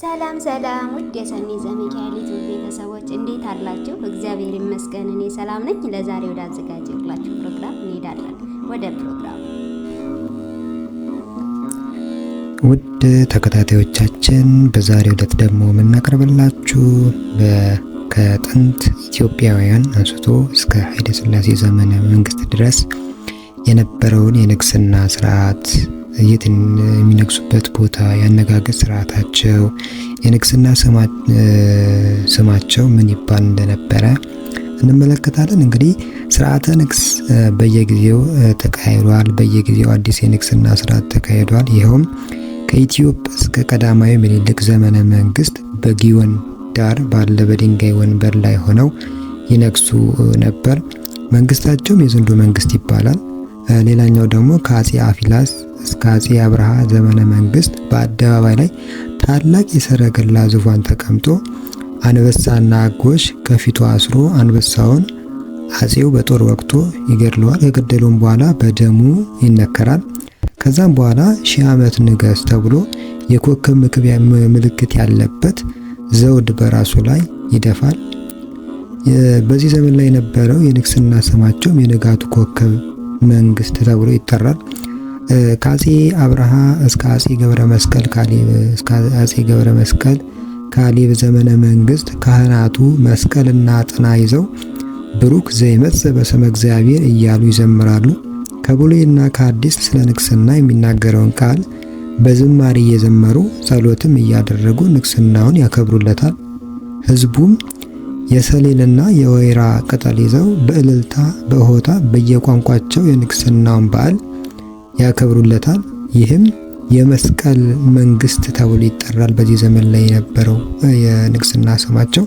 ሰላም ሰላም ውድ የሰኔ ዘሚካኤል ቤተሰቦች እንዴት አላችሁ? እግዚአብሔር ይመስገን እኔ ሰላም ነኝ። ለዛሬ ወደ አዘጋጀሁላችሁ ፕሮግራም እንሄዳለን። ወደ ፕሮግራም ውድ ተከታታዮቻችን በዛሬው ዕለት ደግሞ የምናቀርብላችሁ ከጥንት ኢትዮጵያውያን አንስቶ እስከ ኃይለ ሥላሴ ዘመነ መንግስት ድረስ የነበረውን የንግስና ስርዓት የሚነግሱበት ቦታ፣ ያነጋገር ስርዓታቸው፣ የንግስና ስማቸው ምን ይባል እንደነበረ እንመለከታለን። እንግዲህ ስርዓተ ንግስ በየጊዜው ተካሂዷል። በየጊዜው አዲስ የንግስና ስርዓት ተካሂዷል። ይኸውም ከኢትዮጵያ እስከ ቀዳማዊ ምኒልክ ዘመነ መንግስት በጊዮን ዳር ባለ በድንጋይ ወንበር ላይ ሆነው ይነግሱ ነበር። መንግስታቸውም የዘንዶ መንግስት ይባላል። ሌላኛው ደግሞ ከአጼ አፊላስ እስከ አጼ አብርሃ ዘመነ መንግስት በአደባባይ ላይ ታላቅ የሰረገላ ዙፋን ተቀምጦ አንበሳና አጎሽ ከፊቱ አስሮ አንበሳውን አጼው በጦር ወቅቶ ይገድለዋል። ከገደሉም በኋላ በደሙ ይነከራል። ከዛም በኋላ ሺህ ዓመት ንገስ ተብሎ የኮከብ ምክብ ምልክት ያለበት ዘውድ በራሱ ላይ ይደፋል። በዚህ ዘመን ላይ የነበረው የንግስና ስማቸውም የንጋቱ ኮከብ መንግስት ተብሎ ይጠራል። ከአጼ አብርሃ እስከ አጼ ገብረ መስቀል ካሌብ እስከ አጼ ገብረ መስቀል ካሌብ ዘመነ መንግስት ካህናቱ መስቀልና ጥና ይዘው ብሩክ ዘይመጽእ በስመ እግዚአብሔር እያሉ ይዘምራሉ። ከብሉይና ከአዲስ ስለ ንግስና የሚናገረውን ቃል በዝማሬ እየዘመሩ ጸሎትም እያደረጉ ንግስናውን ያከብሩለታል። ህዝቡም የሰሌንና የወይራ ቅጠል ይዘው በእልልታ በሆታ በየቋንቋቸው የንግስናውን በዓል ያከብሩለታል። ይህም የመስቀል መንግስት ተብሎ ይጠራል። በዚህ ዘመን ላይ የነበረው የንግስና ስማቸው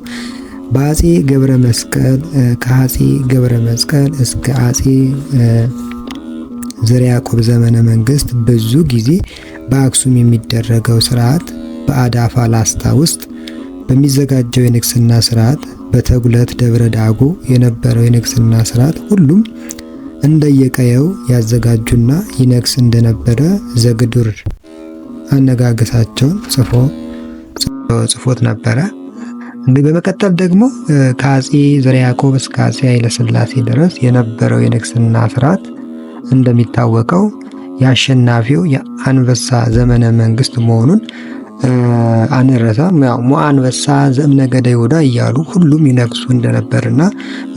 በአጼ ገብረ መስቀል ከአጼ ገብረ መስቀል እስከ አጼ ዘርዓ ያዕቆብ ዘመነ መንግስት ብዙ ጊዜ በአክሱም የሚደረገው ስርዓት በአዳፋ ላስታ ውስጥ በሚዘጋጀው የንግስና ስርዓት፣ በተጉለት ደብረ ዳጎ የነበረው የንግስና ስርዓት ሁሉም እንደየቀየው ያዘጋጁና ይነግስ እንደነበረ ዘግዱር አነጋገሳቸውን ጽፎ ጽፎት ነበረ። እንዲህ በመቀጠል ደግሞ ከአጼ ዘርዓ ያዕቆብ እስከ አጼ ኃይለሥላሴ ድረስ የነበረው የንግስና ስርዓት እንደሚታወቀው የአሸናፊው የአንበሳ ዘመነ መንግስት መሆኑን አንረሳም አንበሳ ዘእምነገደ ይሁዳ እያሉ ሁሉም ይነግሱ እንደነበርና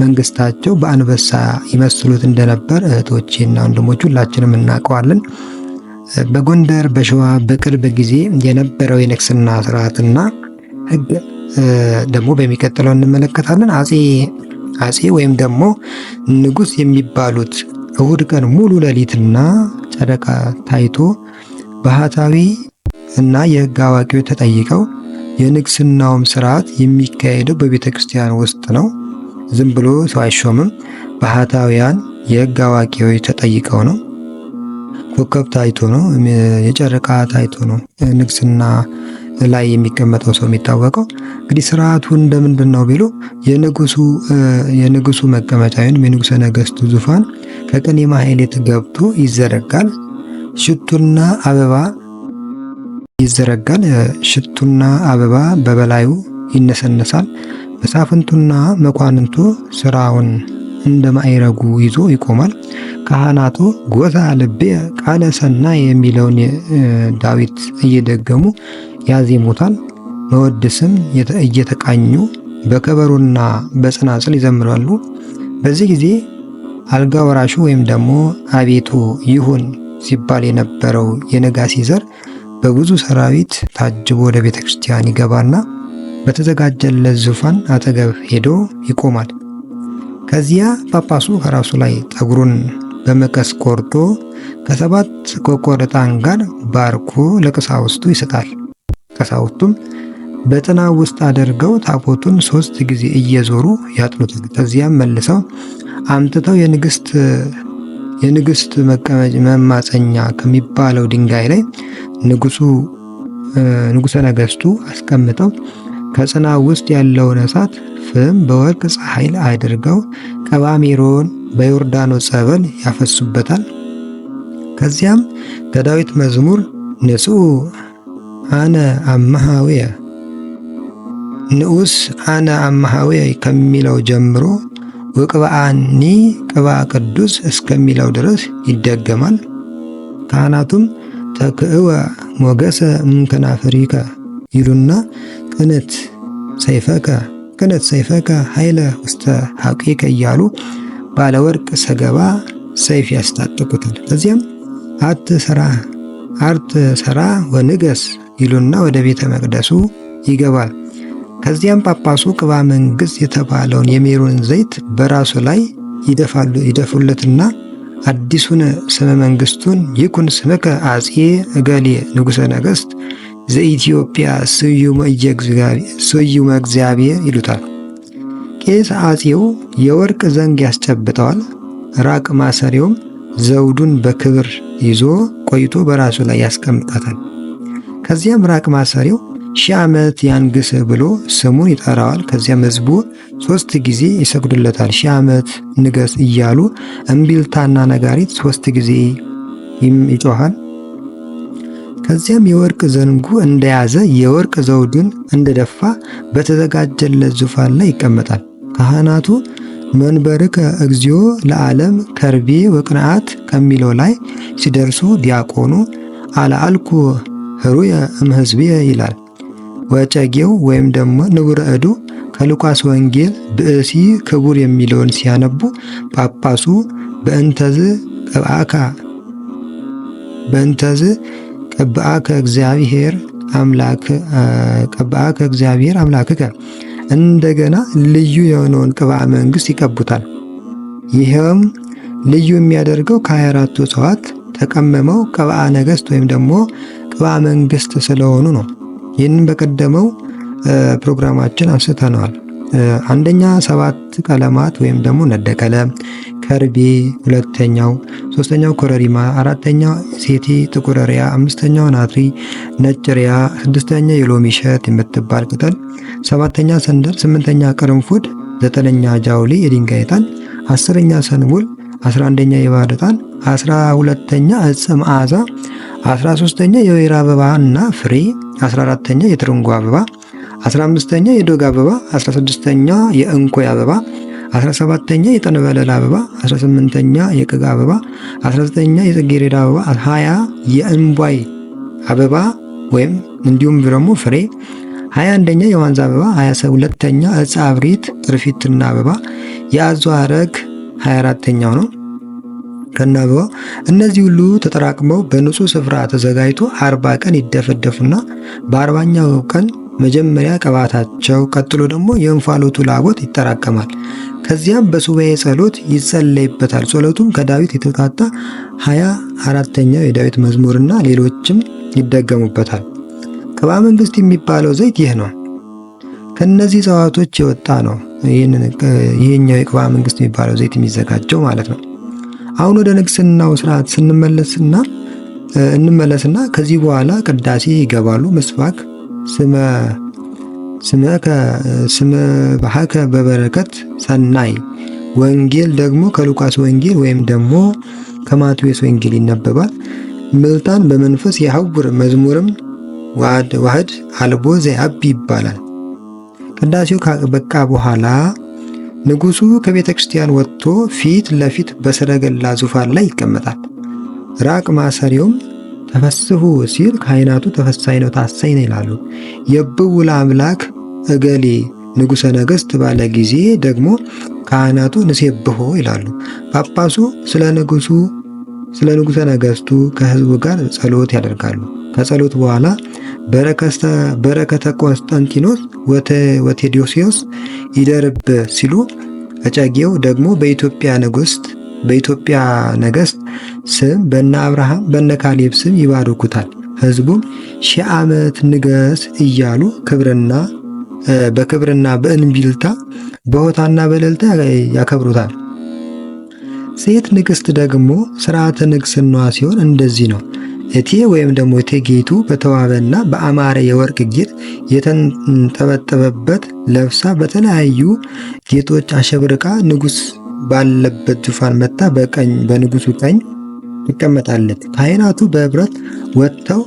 መንግስታቸው በአንበሳ ይመስሉት እንደነበር እህቶቼና ወንድሞች ሁላችንም እናውቀዋለን። በጎንደር በሸዋ በቅርብ ጊዜ የነበረው የንግስና ስርዓትና ህግ ደግሞ በሚቀጥለው እንመለከታለን። አጼ አጼ ወይም ደግሞ ንጉስ የሚባሉት እሁድ ቀን ሙሉ ሌሊትና ጨረቃ ታይቶ ባህታዊ እና የህግ አዋቂዎች ተጠይቀው የንግስናውም ስርዓት የሚካሄደው በቤተ ክርስቲያን ውስጥ ነው፣ ዝም ብሎ ሰው አይሾምም። ባህታውያን የሕግ አዋቂዎች ተጠይቀው ነው። ኮከብ ታይቶ ነው፣ የጨረቃ ታይቶ ነው ንግስና ላይ የሚቀመጠው ሰው የሚታወቀው። እንግዲህ ስርዓቱ እንደምንድን ነው ቢሉ የንጉሱ መቀመጫ ወይም የንጉሰ ነገስቱ ዙፋን ከቅኔ ማኅሌት ገብቶ ይዘረጋል። ሽቱና አበባ ይዘረጋል። ሽቱና አበባ በበላዩ ይነሰነሳል። መሳፍንቱና መኳንንቱ ስራውን እንደ ማይረጉ ይዞ ይቆማል። ካህናቱ ጎዛ ልቤ ቃለ ሰና የሚለውን ዳዊት እየደገሙ ያዜሙታል። መወድስም እየተቃኙ በከበሮና በጽናጽል ይዘምራሉ። በዚህ ጊዜ አልጋ ወራሹ ወይም ደግሞ አቤቱ ይሁን ሲባል የነበረው የነጋሲ ዘር በብዙ ሰራዊት ታጅቦ ወደ ቤተ ክርስቲያን ይገባና በተዘጋጀለት ዙፋን አጠገብ ሄዶ ይቆማል። ከዚያ ጳጳሱ ከራሱ ላይ ጠጉሩን በመቀስ ቆርጦ ከሰባት ቆቆረጣን ጋር ባርኮ ለቀሳውስቱ ይሰጣል። ቀሳውስቱም በጥና ውስጥ አድርገው ታቦቱን ሶስት ጊዜ እየዞሩ ያጥኑታል። ከዚያም መልሰው አምጥተው የንግሥት መቀመጫ መማፀኛ ከሚባለው ድንጋይ ላይ ንጉሱ ነገስቱ አስቀምጠው ከጽና ውስጥ ያለውን እሳት ፍም በወርቅ ፀሐይ አድርገው ቀባሚሮን በዮርዳኖስ ጸበል ያፈሱበታል። ከዚያም ከዳዊት መዝሙር ንሱ አነ አመሃውየ ንዑስ አነ አመሃውየ ከሚለው ጀምሮ ወቅብአኒ ቅባ ቅዱስ እስከሚለው ድረስ ይደገማል። ካህናቱም ተክእወ ሞገሰ እምከናፍሪከ ይሉና ቅነት ሰይፈከ ቅነት ሰይፈከ ኃይለ ውስተ ሐቂከ እያሉ ባለወርቅ ሰገባ ሰይፍ ያስታጥቁታል። ከዚያም አት ሰራ አርት ሰራ ወንገስ ይሉና ወደ ቤተ መቅደሱ ይገባል። ከዚያም ጳጳሱ ቅባ መንግሥት የተባለውን የሜሮን ዘይት በራሱ ላይ ይደፉለትና አዲሱን ስመ መንግሥቱን ይኩን ስምከ አጼ እገሌ ንጉሠ ነገሥት ዘኢትዮጵያ ስዩመ እግዚአብሔር ይሉታል። ቄስ አፄው የወርቅ ዘንግ ያስጨብጠዋል። ራቅ ማሰሪውም ዘውዱን በክብር ይዞ ቆይቶ በራሱ ላይ ያስቀምጣታል። ከዚያም ራቅ ማሰሪው ሺህ ዓመት ያንግስ ብሎ ስሙን ይጠራዋል። ከዚያም ህዝቡ ሶስት ጊዜ ይሰግዱለታል። ሺህ ዓመት ንገስ እያሉ እምቢልታና ነጋሪት ሶስት ጊዜ ይጮሃል። ከዚያም የወርቅ ዘንጉ እንደያዘ የወርቅ ዘውዱን እንደደፋ በተዘጋጀለት ዙፋን ላይ ይቀመጣል። ካህናቱ መንበርከ እግዚኦ ለዓለም ከርቤ ወቅንዓት ከሚለው ላይ ሲደርሱ ዲያቆኑ አለአልኩ ህሩየ እምሕዝቤ ይላል። ወጨጌው ወይም ደግሞ ንቡረ እዱ ከሉቃስ ወንጌል ብእሲ ክቡር የሚለውን ሲያነቡ ጳጳሱ በእንተዝ ቅብአካ በእንተዝ ቀብአከ እግዚአብሔር አምላክ ቀብአከ እግዚአብሔር አምላክከ እንደገና ልዩ የሆነውን ቅብአ መንግሥት ይቀቡታል። ይህም ልዩ የሚያደርገው ከ24ቱ እጽዋት ተቀመመው ቅብአ ነገሥት ወይም ደግሞ ቅብአ መንግሥት ስለሆኑ ነው። ይህንን በቀደመው ፕሮግራማችን አንስተነዋል። አንደኛ ሰባት ቀለማት ወይም ደግሞ ነደ ቀለም ከርቤ፣ ሁለተኛው፣ ሶስተኛው ኮረሪማ፣ አራተኛው ሴቴ ጥቁር ሪያ፣ አምስተኛው ናትሪ ነጭ ሪያ፣ ስድስተኛ የሎሚ እሸት የምትባል ቅጠል፣ ሰባተኛ ሰንደር፣ ስምንተኛ ቅርንፉድ፣ ዘጠነኛ ጃውሌ የድንጋይ ዕጣን፣ አስረኛ ሰንቡል፣ አስራ አንደኛ የባህር ዕጣን፣ አስራ ሁለተኛ እጽ መዓዛ፣ አስራ ሶስተኛ የወይራ አበባ እና ፍሬ፣ አስራ አራተኛ የትርንጎ አበባ፣ አስራ አምስተኛ የዶግ አበባ፣ አስራ ስድስተኛ የእንኮይ አበባ፣ አስራ ሰባተኛ የጠንበለል አበባ፣ አስራ ስምንተኛ የቅግ አበባ፣ አስራ ዘጠነኛ የጽጌሬዳ አበባ፣ ሀያ የእንቧይ አበባ ወይም እንዲሁም ደግሞ ፍሬ፣ ሀያ አንደኛ የዋንዛ አበባ፣ ሀያ ሁለተኛ ዕፀ አብሪት አበባ፣ የአዞ አረግ ሀያ አራተኛው ነው። ከነ አበባ እነዚህ ሁሉ ተጠራቅመው በንጹህ ስፍራ ተዘጋጅቶ አርባ ቀን ይደፈደፉና በአርባኛው ቀን መጀመሪያ ቅባታቸው፣ ቀጥሎ ደግሞ የእንፋሎቱ ላቦት ይጠራቀማል። ከዚያም በሱባኤ ጸሎት ይጸለይበታል። ጸሎቱም ከዳዊት የተቃጣ ሀያ አራተኛው የዳዊት መዝሙርና ሌሎችም ይደገሙበታል። ቅባ መንግስት የሚባለው ዘይት ይህ ነው። ከእነዚህ እጽዋቶች የወጣ ነው። ይህኛው የቅባ መንግስት የሚባለው ዘይት የሚዘጋጀው ማለት ነው። አሁን ወደ ንግስናው ስርዓት ስንመለስና እንመለስና ከዚህ በኋላ ቅዳሴ ይገባሉ። ምስባክ ስመ ስመ ባሐከ በበረከት ሰናይ ወንጌል ደግሞ ከሉቃስ ወንጌል ወይም ደግሞ ከማቴዎስ ወንጌል ይነበባል። ምልጣን በመንፈስ የሐውር መዝሙርም ዋህድ አልቦ ዘያብ ይባላል። ቅዳሴው ካበቃ በኋላ ንጉሱ ከቤተ ክርስቲያን ወጥቶ ፊት ለፊት በሰረገላ ዙፋን ላይ ይቀመጣል። ራቅ ማሰሪውም ተፈስሁ ሲል ካህናቱ ተፈሳይ ነው ታሳኝ ነው ይላሉ። የብውል አምላክ እገሌ ንጉሠ ነገሥት ባለ ጊዜ ደግሞ ካህናቱ ንሴብሆ ይላሉ። ጳጳሱ ስለ ንጉሡ ስለ ንጉሠ ነገሥቱ ከሕዝቡ ጋር ጸሎት ያደርጋሉ። ከጸሎት በኋላ በረከተ ቆስጠንጢኖስ ወቴዎዶስዮስ ይደርብ ሲሉ እጨጌው ደግሞ በኢትዮጵያ ንጉሥት በኢትዮጵያ ነገሥት ስም በነ አብርሃም በነ ካሌብ ስም ይባርኩታል። ሕዝቡም ሺህ ዓመት ንገስ እያሉ ክብርና በክብርና በእንቢልታ በሆታና በለልታ ያከብሩታል። ሴት ንግሥት ደግሞ ሥርዓተ ንግሥናዋ ሲሆን እንደዚህ ነው። እቴ ወይም ደግሞ እቴጌይቱ በተዋበና በአማረ የወርቅ ጌጥ የተንጠበጠበበት ለብሳ በተለያዩ ጌጦች አሸብርቃ ንጉሥ ባለበት ዙፋን መታ በቀኝ በንጉሱ ቀኝ ትቀመጣለች። ካህናቱ በህብረት ወጥተው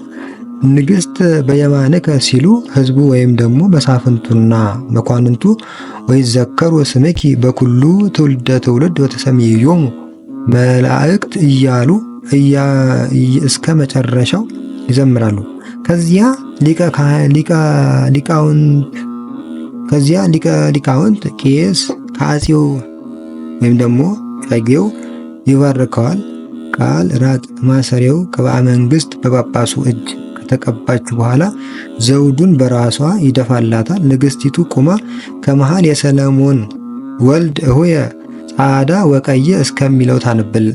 ንግሥት በየማነከ ሲሉ ህዝቡ ወይም ደግሞ መሳፍንቱና መኳንንቱ ወይዘከሩ ስምኪ በኩሉ ትውልደ ትውልድ ወተሰምይዮሙ መላእክት እያሉ እስከ መጨረሻው ይዘምራሉ። ከዚያ ሊቀ ሊቃውንት ቄስ ከአፄው ወይም ደግሞ ቀጌው ይባርከዋል። ቃል ራቅ ማሰሪያው ከበአ መንግስት በጳጳሱ እጅ ከተቀባች በኋላ ዘውዱን በራሷ ይደፋላታል። ንግስቲቱ ቁማ ከመሃል የሰለሞን ወልድ እሁየ ጻዳ ወቀየ እስከሚለው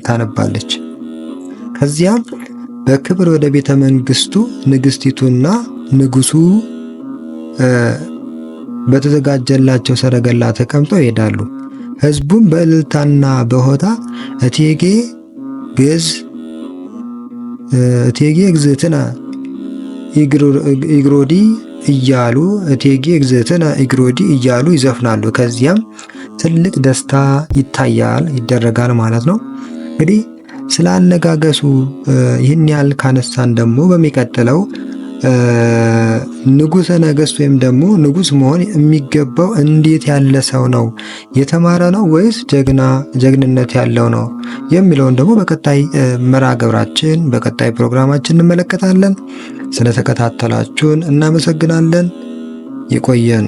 ታነባለች። ከዚያም በክብር ወደ ቤተ መንግስቱ ንግስቲቱና ንጉሱ በተዘጋጀላቸው ሰረገላ ተቀምጠው ይሄዳሉ። ህዝቡም በእልልታና በሆታ እቴጌ ግዝ እቴጌ ግዝእትነ ኢግሮዲ እያሉ እቴጌ እግዝእትነ ኢግሮዲ እያሉ ይዘፍናሉ። ከዚያም ትልቅ ደስታ ይታያል ይደረጋል ማለት ነው። እንግዲህ ስለ አነጋገሱ ይህን ያህል ካነሳን ደግሞ በሚቀጥለው ንጉሰ ነገሥት ወይም ደግሞ ንጉሥ መሆን የሚገባው እንዴት ያለ ሰው ነው? የተማረ ነው ወይስ ጀግና ጀግንነት ያለው ነው የሚለውን ደግሞ በቀጣይ መርሃ ግብራችን በቀጣይ ፕሮግራማችን እንመለከታለን። ስለተከታተላችሁን እናመሰግናለን። ይቆየን።